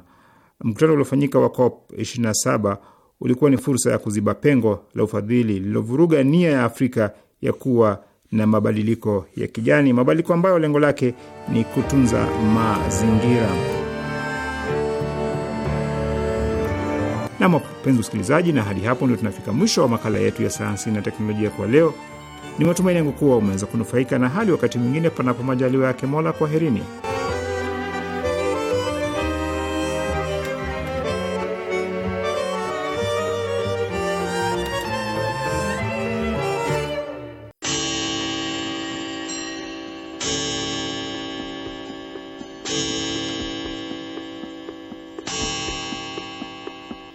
mkutano uliofanyika wa COP 27 ulikuwa ni fursa ya kuziba pengo la ufadhili lililovuruga nia ya Afrika ya kuwa na mabadiliko ya kijani, mabadiliko ambayo lengo lake ni kutunza mazingira. Nam, wapenzi usikilizaji, na hadi hapo ndio tunafika mwisho wa makala yetu ya sayansi na teknolojia kwa leo. Ni matumaini yangu kuwa umeweza kunufaika na hali. Wakati mwingine, panapo majaliwa yake Mola, kwaherini.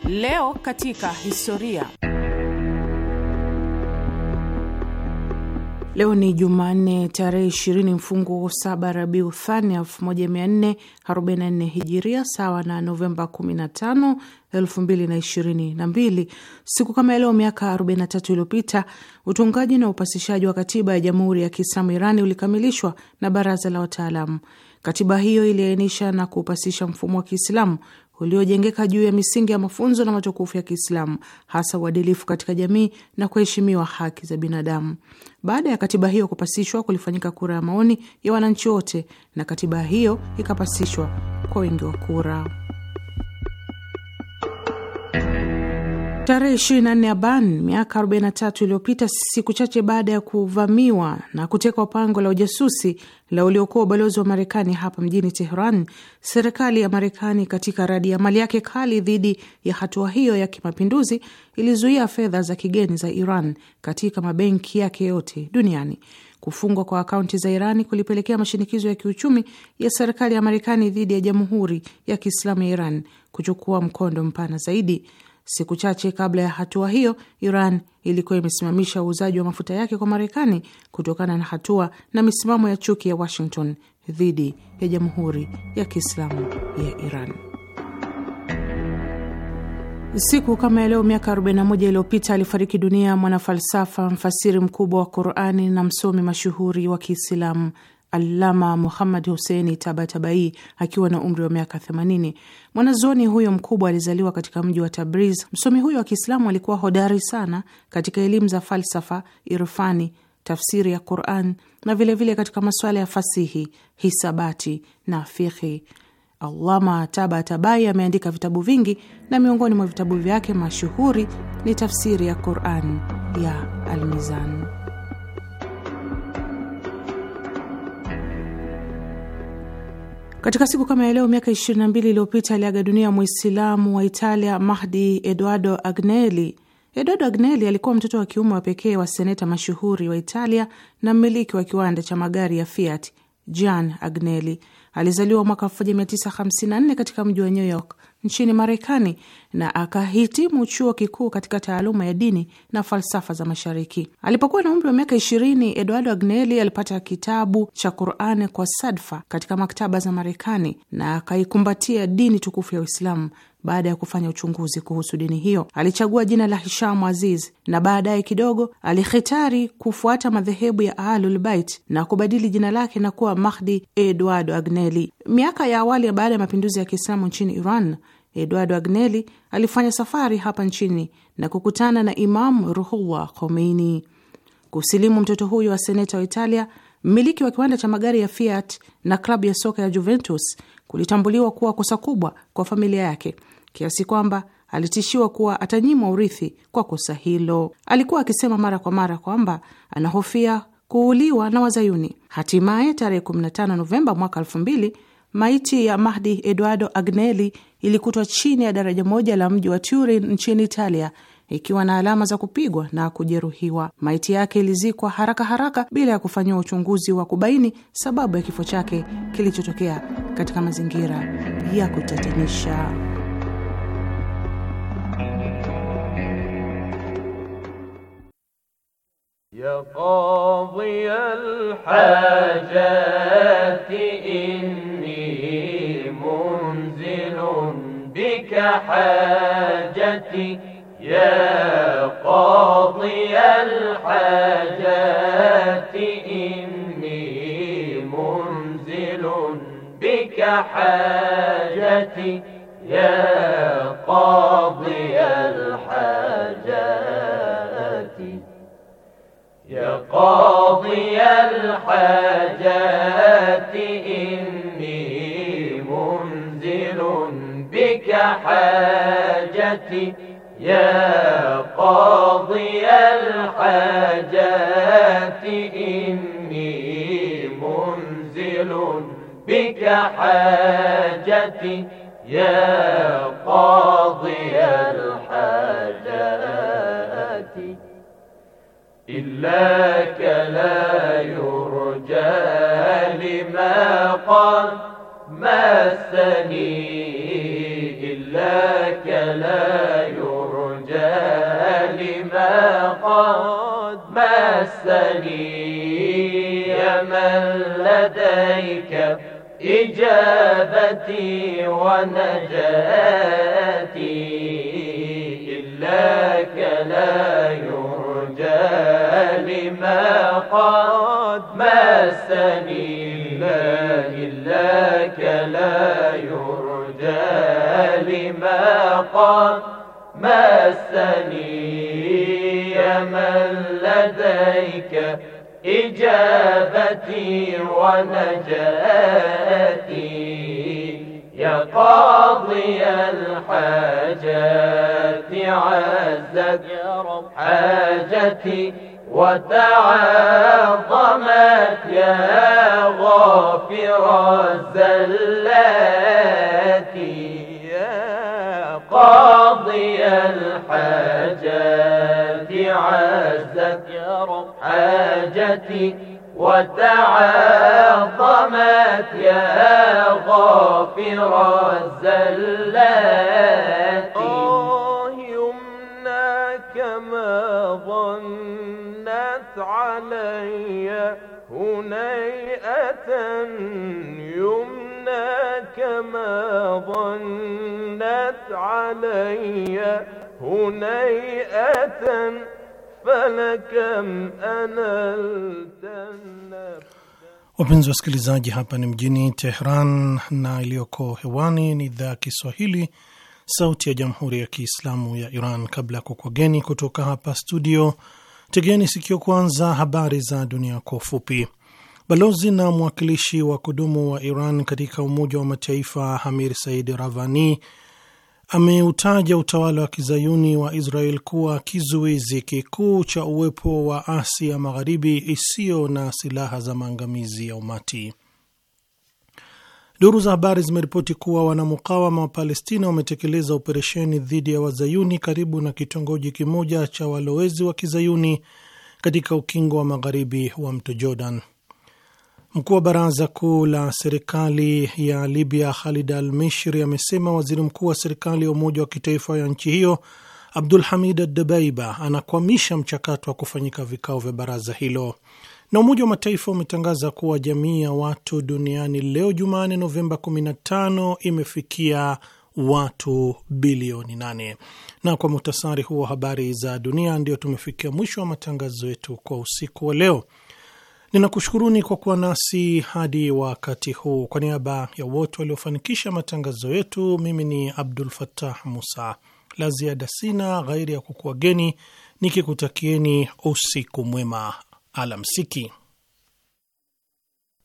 Leo katika historia Leo ni Jumanne tarehe ishirini mfungu saba Rabiu Thani 1444 hijiria sawa na Novemba 15, 2022. Siku kama leo miaka 43 iliyopita utungaji na upasishaji wa katiba ya Jamhuri ya Kiislamu Irani ulikamilishwa na baraza la wataalamu. Katiba hiyo iliainisha na kupasisha mfumo wa Kiislamu uliojengeka juu ya misingi ya mafunzo na matukufu ya Kiislamu, hasa uadilifu katika jamii na kuheshimiwa haki za binadamu. Baada ya katiba hiyo kupasishwa, kulifanyika kura ya maoni ya wananchi wote, na katiba hiyo ikapasishwa kwa wingi wa kura. Tarehe 24 Aban miaka 43 iliyopita, siku chache baada ya kuvamiwa na kutekwa pango la ujasusi la uliokuwa ubalozi wa Marekani hapa mjini Teheran, serikali ya Marekani katika radi ya mali yake kali dhidi ya hatua hiyo ya kimapinduzi ilizuia fedha za kigeni za Iran katika mabenki yake yote duniani. Kufungwa kwa akaunti za Irani kulipelekea mashinikizo ya kiuchumi ya serikali ya Marekani dhidi ya Jamhuri ya Kiislamu ya Iran kuchukua mkondo mpana zaidi. Siku chache kabla ya hatua hiyo, Iran ilikuwa imesimamisha uuzaji wa mafuta yake kwa Marekani kutokana na hatua na misimamo ya chuki ya Washington dhidi ya Jamhuri ya Kiislamu ya Iran. Siku kama ya leo miaka 41 iliyopita alifariki dunia mwanafalsafa, mfasiri mkubwa wa Qurani na msomi mashuhuri wa Kiislamu Allama Muhammad Husseini Tabatabai akiwa na umri wa miaka 80. Mwanazuoni huyo mkubwa alizaliwa katika mji wa Tabriz. Msomi huyo wa Kiislamu alikuwa hodari sana katika elimu za falsafa, irfani, tafsiri ya Quran na vilevile vile katika masuala ya fasihi, hisabati na fiqhi. taba Tabatabai ameandika vitabu vingi na miongoni mwa vitabu vyake mashuhuri ni tafsiri ya Quran ya Almizan. Katika siku kama ya leo miaka 22 iliyopita aliaga dunia Mwislamu wa Italia Mahdi Eduardo Agnelli. Eduardo Agnelli alikuwa mtoto wa kiume wa pekee wa seneta mashuhuri wa Italia na mmiliki wa kiwanda cha magari ya Fiat Gian Agnelli. Alizaliwa mwaka 1954 katika mji wa New York nchini Marekani na akahitimu chuo kikuu katika taaluma ya dini na falsafa za Mashariki. Alipokuwa na umri wa miaka ishirini, Eduardo Agnelli alipata kitabu cha Qurani kwa sadfa katika maktaba za Marekani na akaikumbatia dini tukufu ya Uislamu. Baada ya kufanya uchunguzi kuhusu dini hiyo, alichagua jina la Hishamu Aziz na baadaye kidogo alihitari kufuata madhehebu ya bait na kubadili jina lake na kuwa Mahdi Eduardo Agnelli. Miaka ya awali baada ya mapinduzi ya Kiislamu nchini Iran Eduardo Agnelli alifanya safari hapa nchini na kukutana na Imam Ruhullah Khomeini. Kusilimu mtoto huyo wa seneta wa Italia, mmiliki wa kiwanda cha magari ya Fiat na klabu ya soka ya Juventus, kulitambuliwa kuwa kosa kubwa kwa familia yake kiasi kwamba alitishiwa kuwa atanyimwa urithi kwa kosa hilo. Alikuwa akisema mara kwa mara kwamba anahofia kuuliwa na Wazayuni. Hatimaye tarehe 15 Novemba mwaka 2000 Maiti ya Mahdi Eduardo Agnelli ilikutwa chini ya daraja moja la mji wa Turin nchini Italia ikiwa na alama za kupigwa na kujeruhiwa. Maiti yake ilizikwa haraka haraka bila ya kufanyiwa uchunguzi wa kubaini sababu ya kifo chake kilichotokea katika mazingira ya kutatanisha. Ya qadhi al-hajat حاجتي يا قاضي الحاجات إني منزل بك حاجتي يا قاضي الحاجات يا قاضي الحاجات إني حاجتي يا قاضي الحاجات إني منزل بك حاجتي يا قاضي الحاجات إلاك لا يرجى لما قد مسني مسني يا من لديك إجابتي ونجاتي إلاك لا يرجى لما قد مسني الله إلاك لا يرجى لما قد مسني يا من إليك إجابتي ونجاتي يا قاضي الحاجات عزت حاجتي وتعاظمت يا غافر الزلات يا رب حاجتي وتعاظمت يا غافر الزلات آه يمنى كما ظنت علي هنيئة يمنى كما ظنت علي هنيئة Wapenzi wasikilizaji, hapa ni mjini Tehran na iliyoko hewani ni idhaa ya Kiswahili, Sauti ya Jamhuri ya Kiislamu ya Iran. Kabla ya kukwageni kutoka hapa studio, tegeni sikio kwanza habari za dunia kwa ufupi. Balozi na mwakilishi wa kudumu wa Iran katika Umoja wa Mataifa Hamir Said Ravani ameutaja utawala wa kizayuni wa Israel kuwa kizuizi kikuu cha uwepo wa Asia Magharibi isiyo na silaha za maangamizi ya umati. Duru za habari zimeripoti kuwa wanamukawama wa Palestina wametekeleza operesheni dhidi ya wazayuni karibu na kitongoji kimoja cha walowezi wa kizayuni katika ukingo wa magharibi wa mto Jordan. Mkuu wa baraza kuu la serikali ya Libya Khalid al Mishri amesema waziri mkuu wa serikali ya umoja wa kitaifa ya nchi hiyo Abdul Hamid adabaiba anakwamisha mchakato wa kufanyika vikao vya baraza hilo. Na Umoja wa Mataifa umetangaza kuwa jamii ya watu duniani leo Jumanne, Novemba 15 imefikia watu bilioni 8. Na kwa muhtasari huo habari za dunia, ndio tumefikia mwisho wa matangazo yetu kwa usiku wa leo. Ninakushukuruni kwa kuwa nasi hadi wakati huu. Kwa niaba ya wote waliofanikisha matangazo yetu, mimi ni Abdul Fattah Musa. La ziada sina ghairi ya kukuageni nikikutakieni usiku mwema, alamsiki.